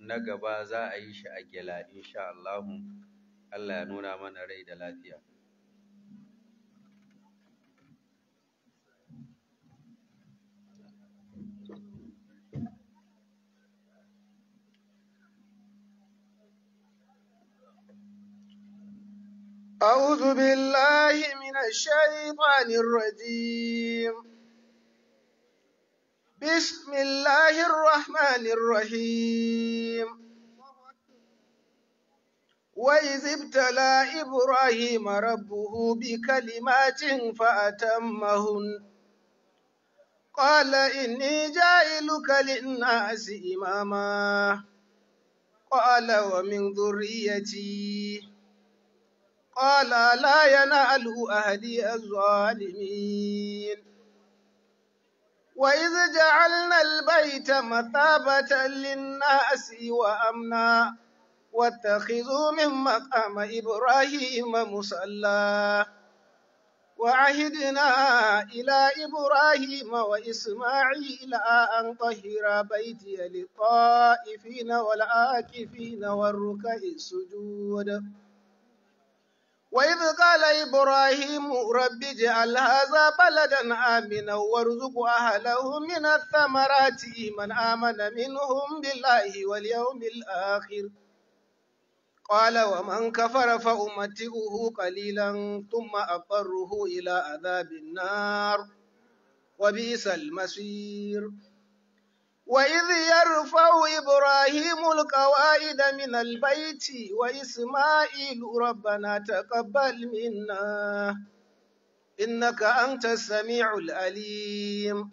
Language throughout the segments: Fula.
na gaba za a yi shi a Gela insha Allahu, Allah ya nuna mana rai da lafiya. أعوذ بالله من الشيطان الرجيم بسم الله الرحمن الرحيم وإذ ابتلى إبراهيم ربه بكلمات فأتمهن قال إني جائلك للناس إماما قال ومن ذريتي قال لا ينال أهدي الظالمين وإذ جعلنا البيت مثابة للناس وأمنا واتخذوا من مقام إبراهيم مصلى وعهدنا إلى إبراهيم وإسماعيل أن طهر بيتي للطائفين والآكفين والركع السجود وإذ قال إبراهيم رب اجعل هذا بلدا آمنا وارزق أهله من الثمرات من آمن منهم بالله واليوم الآخر قال ومن كفر فأمتئه قليلا ثم أضطره إلى عذاب النار وبئس المصير وإذ يرفع إبراهيم القواعد من البيت وإسماعيل ربنا تقبل منا إنك أنت السميع العليم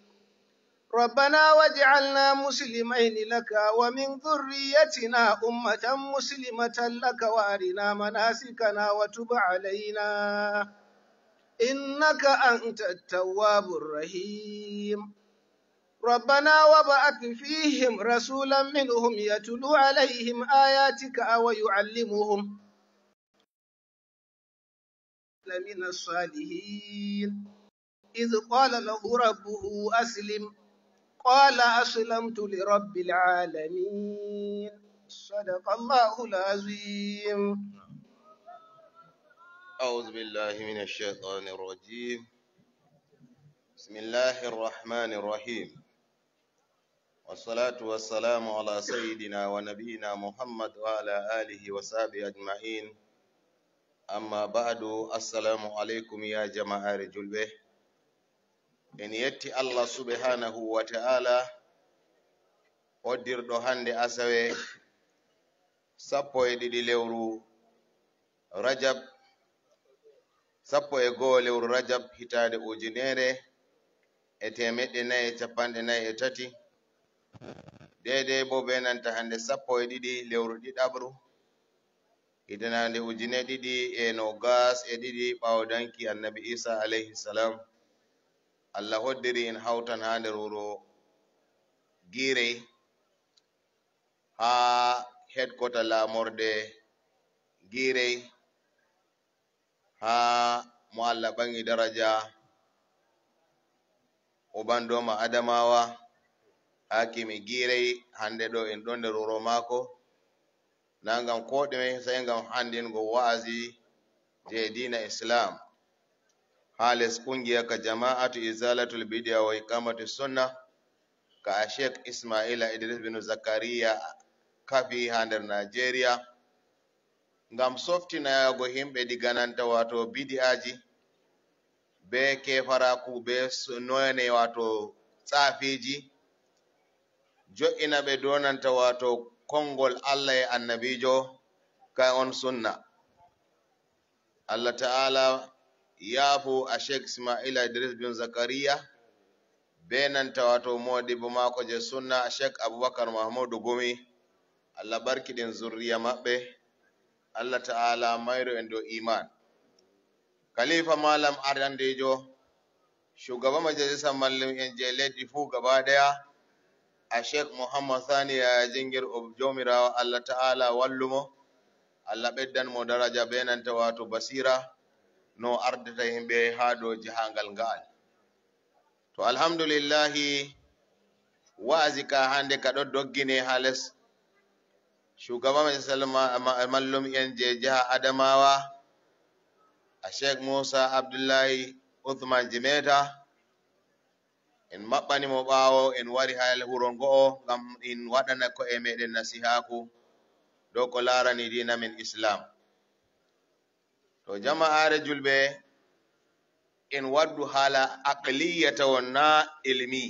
ربنا واجعلنا مسلمين لك ومن ذريتنا أمة مسلمة لك وأرنا مناسكنا وتب علينا إنك أنت التواب الرحيم ربنا وبعث فيهم رسولا منهم يتلو عليهم آياتك ويعلمهم لمن الصالحين إذ قال له ربه أسلم قال أسلمت لرب العالمين صدق الله العظيم أعوذ بالله من الشيطان الرجيم بسم الله الرحمن الرحيم والصلاة والسلام على سيدنا ونبينا محمد وعلى آله وصحبه أجمعين أما بعد السلام عليكم يا جماعة رجل en yetti allah subhanahu wa ta'ala oddirɗo hande asawe sappo e ɗiɗi lewru rajab sappo e goho lewru rajab hitade ujunere e temeɗɗe nayi e capanɗe nayi e tati deidai bo be nanta hande sappo e ɗiɗi lewru ɗiɗaɓru hitenande ujine ɗiɗi e no gas e ɗiɗi ɓawo danki annabi isa alayhi salam allah hoddiri en hawtan ha nder wuro girey ha hedkota lamorde girey ha mo allah ɓangi daraja o ɓandoma adamawa haki mi giray hande ɗo en ɗon wuro maako na ngam ko ɗume sai ngam handingo wa'azi je dina islam ha les kungiya ka jama'atu izalatul bidiya wa iqamatu sunna ka a sheikh ismaila idris bin zakariya kafi ha nder nigeria ngam yago himɓe digananta wato bidi'aji be kefaraku be noyane wato tsafiji jo'ina ɓe donanta wato kongol allah e annabijo kay on sunna allah ta'ala yaafu a sheikh ismaila idris bin zakaria be nanta wato modibo mako je sunna a sheikh aboubacar mahamadou gumi allah barkiɗin zurriya maɓɓe allah ta'ala mayro en dow iman kalifa malam ardandijo shugaba majalisa mallum en je leddi fuu gaba ɗaya a sheikh muhammad sani ya jingir jomirawa allah ta'ala wallumo allah mo daraja be nanta wato basira no ardata himɓe ha jihangal to alhamdulillahi wa'azi ka hande ka ɗo doggine ha les shugaba mai mallum en je jiha adamawa a sheikh musa abdullahi uthman jimeta en maɓɓani mo ɓaawo en wari ha wuro ngo'o ngam in waɗana ko'e meɗen nasihaaku dow ko laarani diina men islam to jama'aare julɓe en waddu haala aqliya tawon na ilmi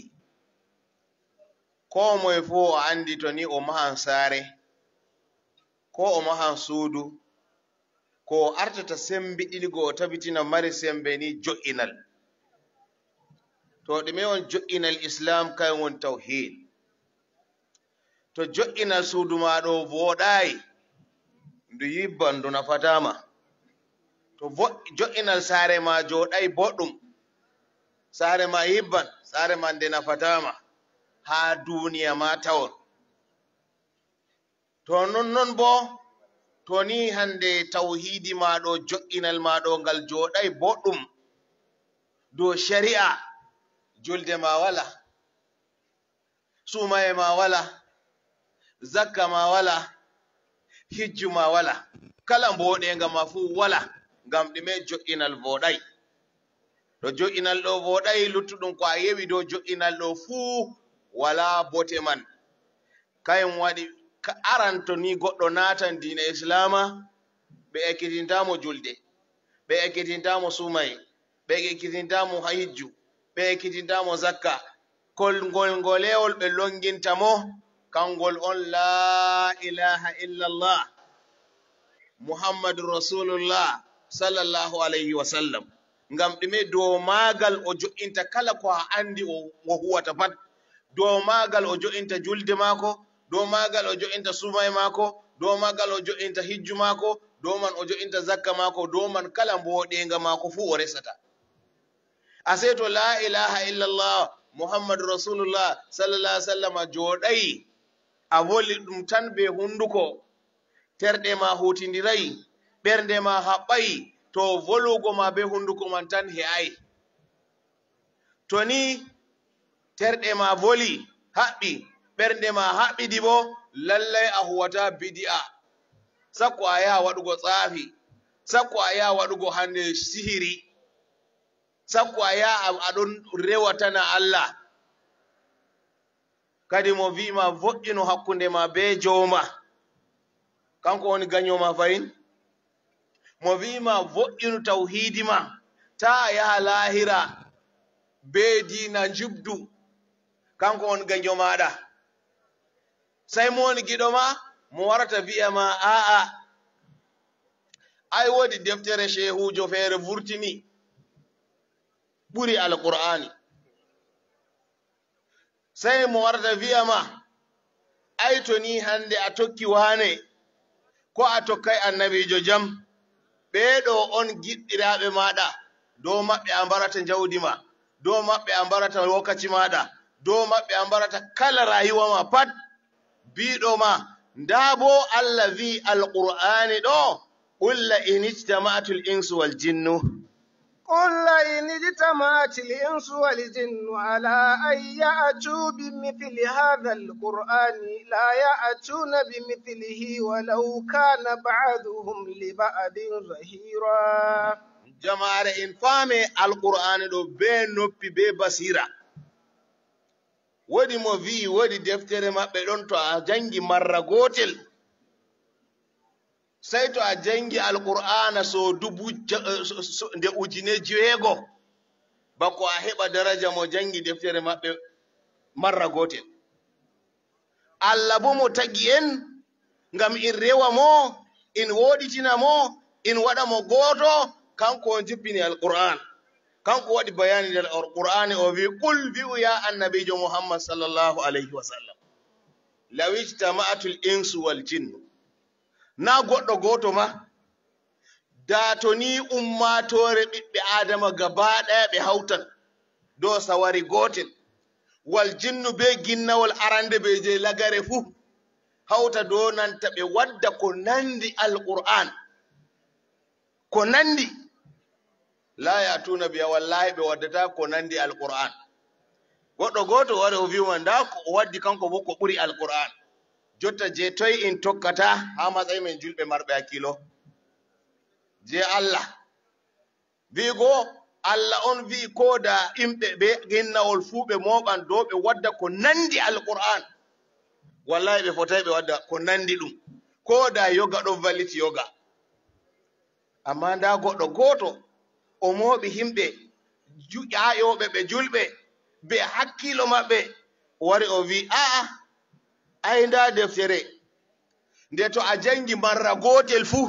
ko moye fuu o anndi to ni o mahan saare ko o mahan suudu ko o artata sembiɗilgo o tabitina mari sembe ni jo'inal to ɗume on jo'inal islam kayum won tawhid to jo'ina suudu maɗo voɗayi ndu yibban ndu nafatama to jo'inal saare ma joɗayi boɗɗum saare ma yibban saare ma nde nafatama ha duniya ma tawon to nonnon bo to ni hande tawhidi maɗo jo'inal maɗo ngal joɗayi boɗɗum dow shari'a julde ma wala sumaye ma wala zakka ma wala hijju ma wala kala mboɗenga ma fuu wala ngam ɗume jo'inal voɗai to jo'inal ɗo voɗai luttuɗum ko a yewi dow jo'inal ɗo fuu wala bote man kayum waɗi aran to ni goɗɗo natan dina islama ɓe ekkitintamo julde ɓe ekkitintamo sumaye ɓe ekkitintamo hijju ɓe ekkitintamo zakka kolgol ngolewol ɓe longinta mo kangol on la ilaha illallah muhammadun rasulullah sallallahu alayhi wa sallam ngam ɗume dow maagal o jo'inta kala ko a andi o huwata pat dow maagal o jo'inta julde maako dow maagal o jo'inta sumaye maako dow maagal o jo'inta hijju maako dow man o jo'inta zakka maako dow man kala mboɗenga maako fuu o resata a sey to la ilaha illallah muhammadu rasulullah sallallah sallama jooɗayi a woli ɗum tan ɓe hunnduko terɗe ma hutindirayi ɓernde ma haɓɓayi to volugo ma be hunnduko man tan he'ayi to ni terɗe ma voli haɓɓi ɓernde ma haɓɓidi bo lallay a huwata bidi'a sakko a yaha waɗugo tsaafi sakko a yaha waɗugo hande sihiri adon aɗon rewatana allah kadi mo wi'ima vo'ino hakunde ma be jowma kanko woni ma fayin mo wi'ima vo'inu tauhidi ma ta a yaha lahira be dina jubdu kanko on ma maɗa sai mo woni giɗo ma mo warata wi'ama a'a ai wodi deftere jo feere vurtini buri alƙur'ani sai mu warda viya ma aito ni hande a tokki wane ko a tokkai annabijo jam ɓeɗo on giɗɗiraɓe maɗa dow maɓɓe a mbarata jawdi ma dow maɓɓe a mbarata lokaci maɗa dow maɓɓe a mbarata kala rayuwa ma pat biɗo ma nda bo allah vi alqur'ani ɗo قل إن wal wal jinnu. قل وقد اجتمعت الإنس والجن على أن يأتوا بمثل هذا القرآن لا يأتون بمثله ولو كان بعضهم لبعض ظهيرا jama'are en faame alqur'ani ɗo be noppi be basira woodi mo wi'i woodi deftere maɓɓe ɗon to a jangi marra gotel sey to a jangi alqur'ana so dubu nde ujune jeego bako a heɓa daraja mo jangi deftere maɓɓe marra gotel allah bo mo tagi en ngam in rewa mo in woɗitina mo in waɗa mo goto, kanko on jippini alqur'an kanko waɗi bayani nder alquran o wi qul bi'u ya annabijo muhammad Sallallahu alayhi wa sallam lawijtama'atul insu wal jinnu na goɗɗo goto ma daa to ni ummatore ɓiɓɓe adama gabaɗaya ɓe hawtan do sawari gotel wal jinnu be ginnawol arande be je lagare fuu hawta do nanta ɓe wadda ko nandi alqur'an ko nandi la yatuna biya wallahi ɓe waddata ko nandi alqur'an goɗɗo goto wari o wiman nda o waddi kanko bo ko ɓuri alqur'an jotta je toyi en tokkata ha matsayi men julɓe marɓe hakkilo je allah wiigo allah on wi'i kooda imɓe ɓe ginnawol fuu ɓe moɓan dow ɓe wadda ko nandi alquran wallahi ɓe fotayi ɓe wadda ko nandi ɗum kooda yoga ɗo valliti yoga amma nda goɗɗo gooto o moɓi himɓe ƴayoɓe ɓe julɓe ɓe hakkilo maɓɓe wari o wi aa ay nda deftere nde to a jangi marra gotel fuu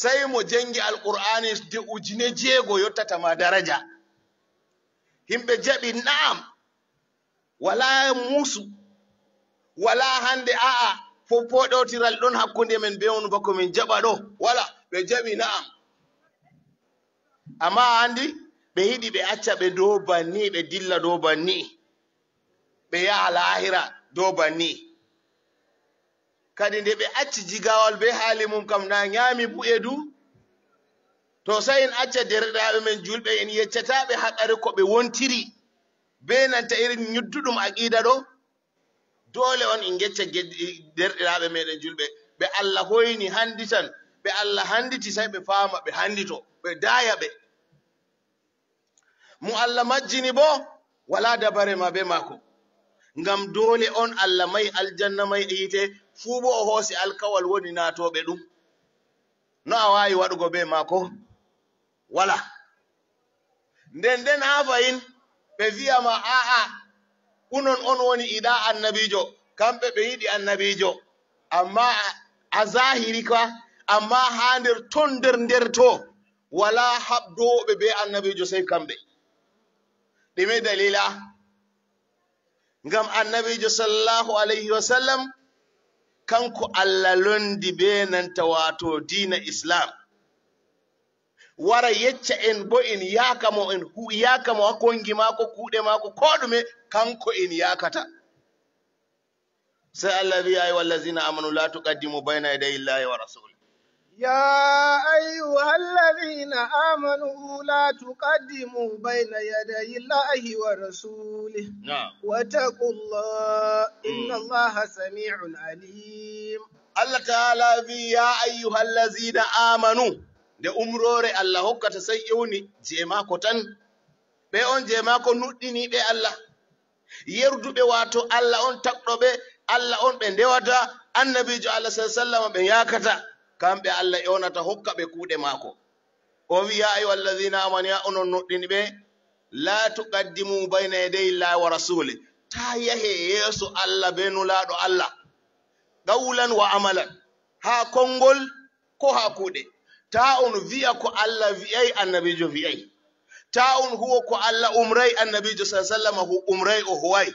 sai mo jangi alqur'ani de ujine jeego yottata ma daraja himɓe jaɓi na'am wala musu wala hande a'a fofoɗotiral ɗon hakkunde men be wonu bako min jaɓa ɗo wala ɓe jaɓi na'am amma andi ɓe yiɗi ɓe acca ɓe dow banni ɓe dilla dow banni ɓe yaha lahira dow banni kadi nde ɓe acci jigawol be haali mum kam na nyaami bu'edu to sayin acca derɗaɓe men julɓe en yeccataɓe haqare ko ɓe wontiri be nanta irin nyudduɗum aqida ɗo doole on en gecca derɗiraɓe meɗen julɓe ɓe allah hoyni handi tan ɓe allah handiti sai ɓe faama ɓe handito ɓe daya ɓe mo allah majjini bo wala dabare ma be maako ngam doole on allah mayi aljanna mayi e yite fuu bo o hoosi alkawal woni naatooɓe ɗum no a waawi waɗugo bee maako wala nden nden haa fayin ɓe wiyama aa unon on woni iɗaa annabiijo kamɓe ɓe yiɗi annabiijo amma a zahiri ka amma haa nder ton nder nder to walaa haɓdowoɓe bee annabiijo sey kamɓe ɗume dalila ngam annabiijo sallllahu alayhi wa sallam kanku allalun dibe nan ta wato dina islam wara yacce en bo in yakamo in hu yakamo hakkongi mako, kude mako, ko ɗume kanko in yakata sai allah wiya ay wallazina amanu la tuqaddimu bayna yaday illahi wa rasuli يا أيها الذين آمنوا لا تقدموا بين يدي الله ورسوله نعم واتقوا الله إن الله سميع عليم الله تعالى في يا أيها الذين آمنوا da umrore Allah hokkata sai je mako tan be on jemaako nuɗɗiniiɓe Allah yerduɓe wato Allah on taɓɗoɓe Allah on ɓe ndewata annabijo Allah sah yakata kamɓe allah ƴewnata hokka ɓe kuuɗe maako o wi ya ayuha allahina amanu ya onon noɗɗini ɓe laa tuqaddimu bayna yedey illahi wa rasule ta yahe yeeso allah be nulaaɗo allah qawlan wa amalan haa konngol ko haa kuuɗe ta on wi'a ko allah wi'ay annabiijo wi'ay ta on huwo ko allah umray annabiijo sah sallam hu umray o huway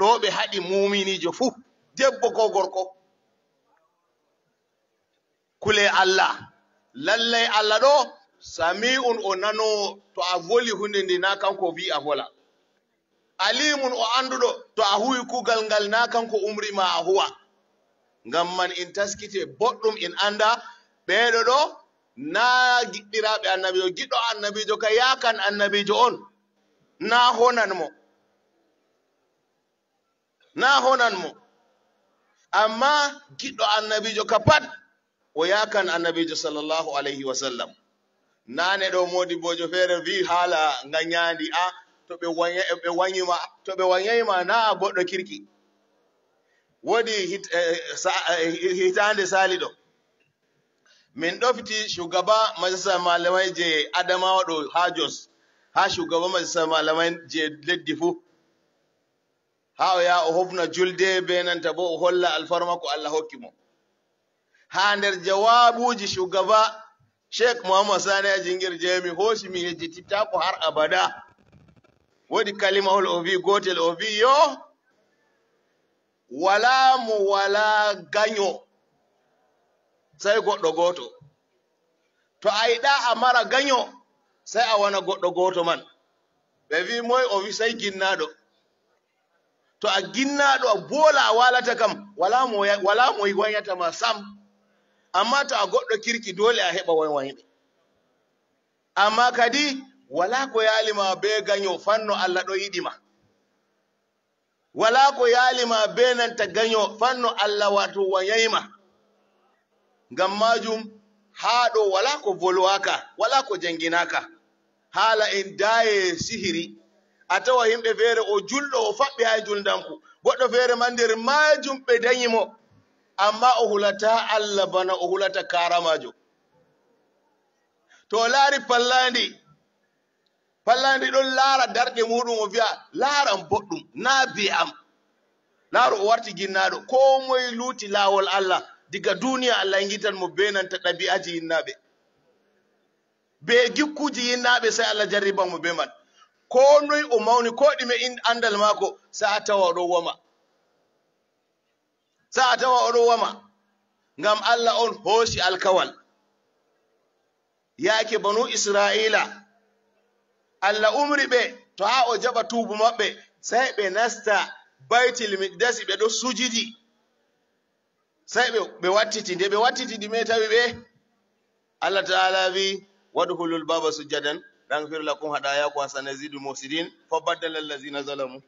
ɗo ɓe haɗi muminiijo fuu debbo ko gorko kule allah lallai allah ɗo sami'un o nanowo to a voli hunde ndi na kanko wi a vola alimun o anduɗo to a huwi kugal ngal na kanko umrima a huwa ngam man en taskite boɗɗum en anda ɓeɗo ɗo na giɗɗiraɓe annabijo giɗɗo annabijo ka yakan annabijo on na honanmo na honanmo amma giɗɗo annabijo ka pat o yakan annabijo sallallahu alaihi wa sallam nane ɗo modi bojo fere vi hala nganyandi a to ɓe be wanyima to ɓe wanyima na a goɗɗo kirki woodi eh, eh, hitande sali ɗo min ɗofti shugaba majalisa malamai je adamawa ɗo ha jos ha shugaba majalisa malamai je leddi fu. ha o yaha o hofna julde be bo o holla alfarma ko allah hokki mo ha nder jawabuji shugaba sheikh muhammad sani ya jingir jami yaji yejjitittako har abada wadi kalima o ovi gotel o yo wala mu wala ganyo sai goɗɗo goto to a yiɗa a mara ganyo sai a wana goɗɗo goto man ɓe vi moy o sai ginnado to a ginnado a bola, a walata kam wala mu wala mo wayatama sam amma to a goɗɗo kirki dole a heɓa wani amma kadi wala ko yalima be ganyo fanno allah ɗo ma. wala ko yalima be nanta ganyo fanno allah wato ma. ngam majum haɗo wala ko volwaka wala ko janginaka Hala en daye sihiri a tawa himɓe fere o julɗo o faɓɓi hay juldanku goɗɗo fere ma nder majum ɓe dañi mo amma o hulata allah bana o hulata karamajo to o laari pallandi pallandi ɗon laara darɗe muɗum o wiya laaran boɗɗum naa bi am laaru o warti ginnaɗo ko moye luuti laawol allah diga duniya allah gitan mo benanta ɗabi'aji yinnaɓe be gikkuji yinnaɓe sai allah jarribamo be man ko noyi o mawni ko ɗume andal maako sa a tawa oɗo woma saa a tawa wama ngam allah on hoshi alkawal yake banu israila allah umri be to ha o jaba tubu maɓɓe sai ɓe nasta baytil miqdas ɓe do sujidi Sai ɓe wattiti nde ɓe wattiti ɗime tawi ɓe allah taala wi wadhulul baba sujjadan ɗan firlakum haɗayaku hasana zidu musidin fa baddala allazina zalamu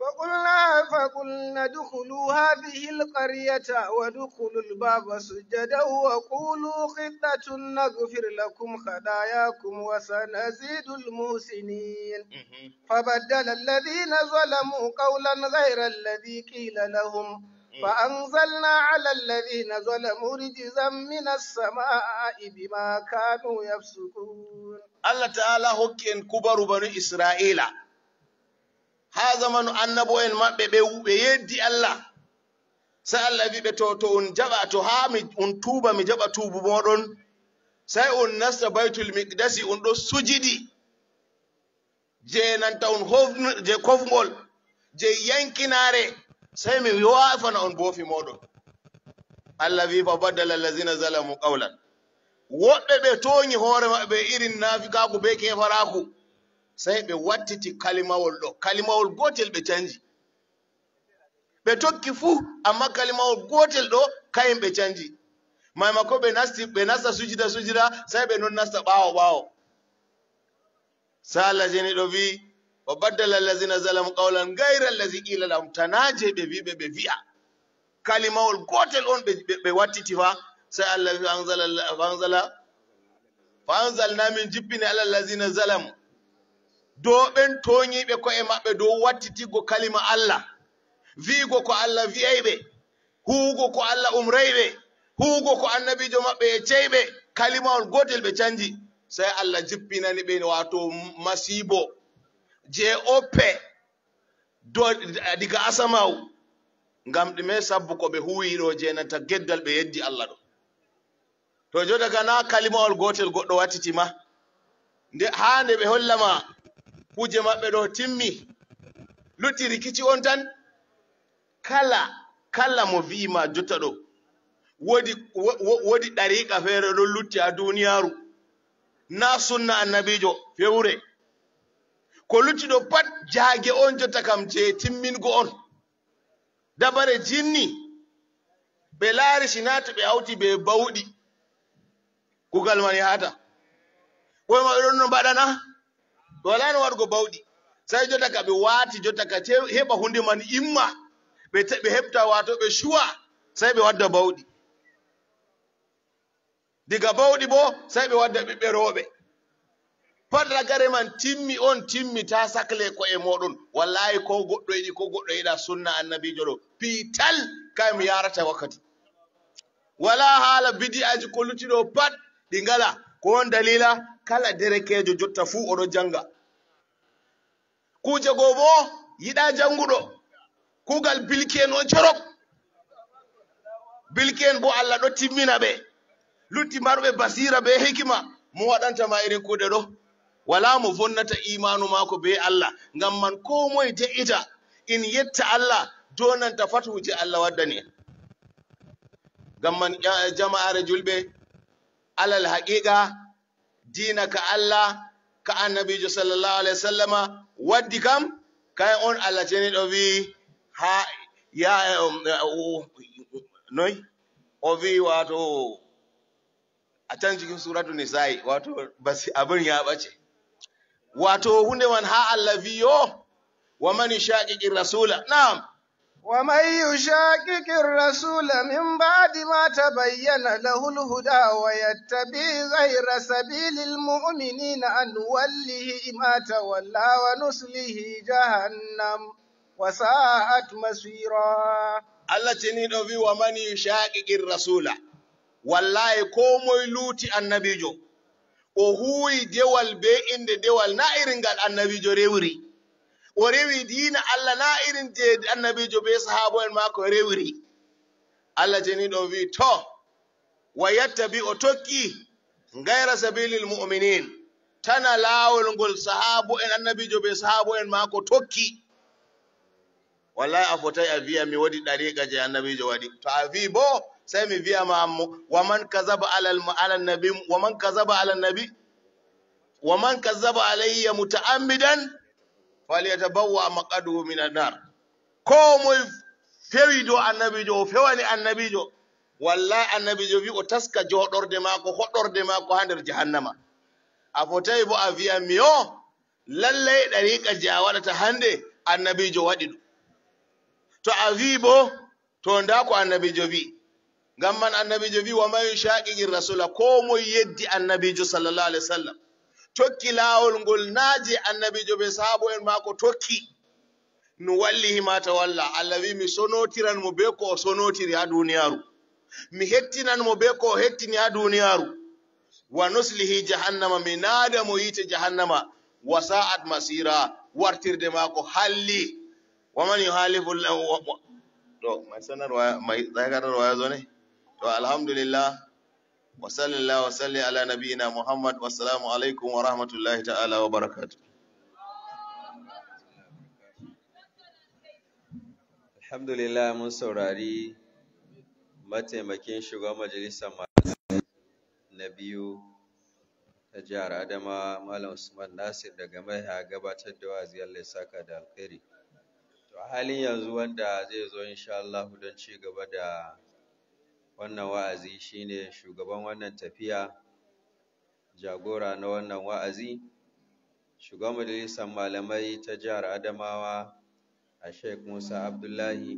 فقلنا فقلنا ادخلوا هذه القرية وادخلوا الباب سجدا وقولوا خطة نغفر لكم خداياكم وسنزيد المحسنين فبدل الذين ظلموا قولا غير الذي قيل لهم فأنزلنا على الذين ظلموا رجزا من السماء بما كانوا يفسقون الله تعالى هو كبر بني إسرائيل haa zamanu annabo en maɓɓe ɓe ɓe yeddi allah sai allah wi ɓe to to un jaɓa to haa un tuuba mi jaɓa tuubu moɗon sai un nasta baytul miqdasi un ɗo sujidi je nanta un je kofgol je yankinaare sai mi waafana on boofi moɗon allah wi fa baddala allahina zalamu qawlan woɓɓe ɓe toñi hoore maɓɓe ɓe irin naafikaaku be kefaraaku sai ɓe wattiti kalimawol ɗo kalimawol gotel ɓe canji ɓe tokki fuu amma kalimawol gotel ɗo kayen ɓe canji maimako ɓe nasti ɓe nasta sujida sujida sai ɓe non nasta ɓawo ɓawo. sa allah jeni ɗo vi wa baddala allazina zalamu qawlan gayra allazi qila lahum tanaje ɓe wiɓe ɓe wi'a kalimawol gotel on ɓe wattiti fa sai allah wi fa anzala fa anzalna min jippini ala allazina zalamu dow ɓen toyiɓe ko'e maɓɓe dow wattitigo kalima allah wigo ko allah wi'ayɓe huugo ko allah umrayɓe huugo ko annabijo maɓɓe e ceyɓe kalima on gotel ɓe canji sai allah jippinani ɓe wato masibo je oppe diga asamau ngam ɗume sabbu ko ɓe huwiɗo jenanta geddal ɓe yeddi allah ɗo to jodaga na kalimawol gotel goɗɗo wattiti ma nde ha nde ɓe hollama kuje maɓɓe ɗo timmi lutti rikici on tan kala kala mo wi'ima jotta ɗo woodi woodi ɗariqa feere ɗon lutti ha duniyaaru na sunna annabiijo fewre ko lutti ɗo pat jaage on jotta kam je timmingo on dabare jinni ɓe laari sina to ɓe hawti ɓe bawɗi kugal man yahata ɓoyma ɓe ɗon no mbaɗana dolani waɗugo bawɗi sai jotta ka ɓe waati jotta ka heɓa hunde man imma ɓe heɓta wato ɓe shuwa sai ɓe wadda bawɗi diga bawɗi bo sai ɓe wadda ɓiɓɓe rooɓe pat ragare man timmi on timmi ta sakle ko e moɗon wallayi ko goɗɗo yiɗi ko goɗɗo yiɗa sunna annabijo ɗo piital kayi mi yarata wakkati wala haala bidi aji ko lutiɗo pat ɗi ngala ko on dalila kala derekejo jotta fuu oɗo janga kuje goo bo yiɗa janguɗo kugal bilki'en on corok bilki'en bo allah ɗo timmina ɓe lutti marɓe basira be hikima mo waɗantama irin kuɗe ɗo wala mo vonnata imanu mako be allah ngam man ko moye de'ita in yetta allah donanta fatuje allah waddani ngam man eh, jama'are julɓe alal haƙiƙa dina ka Allah ka annabi sallallahu alaihi wasallama waddi kam kai on Allah ce ni bi ha ya um, noi bi wato a can cikin suratu nisa'i wato basi abin ya bace wato hunde man ha allazi yo wa man shaqiqir rasula na'am ومن يشاكك الرسول من بعد ما تبين له الهدى ويتبع غير سبيل المؤمنين نوله ما تولى ونسله جهنم وساءت مسيرا Allah ce ni ɗobi wa mani shaƙiƙin rasula, wallahi ko moy luti annabijo, o dewal be inde dewal na irin gal annabijo rewri. o rewi diina allah na irin je annabijo be sahabo mako maako Allah allah ɗo wi to wa yettabi o tokki gayra sabilil muminin tana laawol ngol sahabo en annabijo be sahabo mako maako tokki wallahi a fotai a wiya mi waɗi ɗariƙa je annabijo waɗi to a wi bo sai mi wiyama ammo waman kazaba alal nabi waman kazaba alal nabi waman kazaba alayya muta'ammidan falyatabawwa maqaduhu minan nar ko mo do annabijo o fewani annabijo wallahi annabijo bi? o taska joɗorde mako hodorde mako ha nder jahannama a fotawi bo a wiya mi o lallay ɗariqa je a waɗata hannde annabijo waɗi ɗum to a bo to nda ko annabijo bi? ngam man annabijo bi? wa man shaqiqir rasula ko moye yeddi annabijo sallallahu alaihi wasallam sallam tokki laawol ngol naaje annabijo ɓe saabo en maako tokki no wallihi ma tawalla allah wi mi sonotiran mo be ko o sonotiri ha duniyaaru mi hettinan mo be ko o hettini ha duniyaaru wa nuslihi jahannama mi naada mo yiite jahannama wa sa'at masira wartirde maako halli waman yuhalifu to mai sanarwa mai tsakararwa ya zo ne to alhamdulillah wa sallallahu wa ala nabiyina Muhammad wa salamu alaikum wa rahmatullahi ta'ala wa barakatuh Alhamdulillah mun saurari mataimakin shugaban majalisar na biyu ta jihar Adama Malam Usman Nasir daga Maiha gabatar da wa'azi Allah ya saka da alkhairi. To halin yanzu wanda zai zo insha Allah don ci gaba da wannan wa'azi shine shugaban wannan tafiya jagora na wannan wa'azi shugaban majalisar malamai ta jihar Adamawa a Sheikh Musa Abdullahi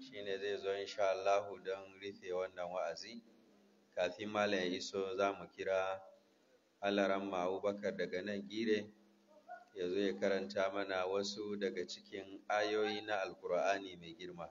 shine zai zo insha allahu don rufe wannan wa'azi kafin malam ya iso za mu kira Alaran Abubakar daga nan gire ya zo ya karanta mana wasu daga cikin ayoyi na Alkur'ani mai girma.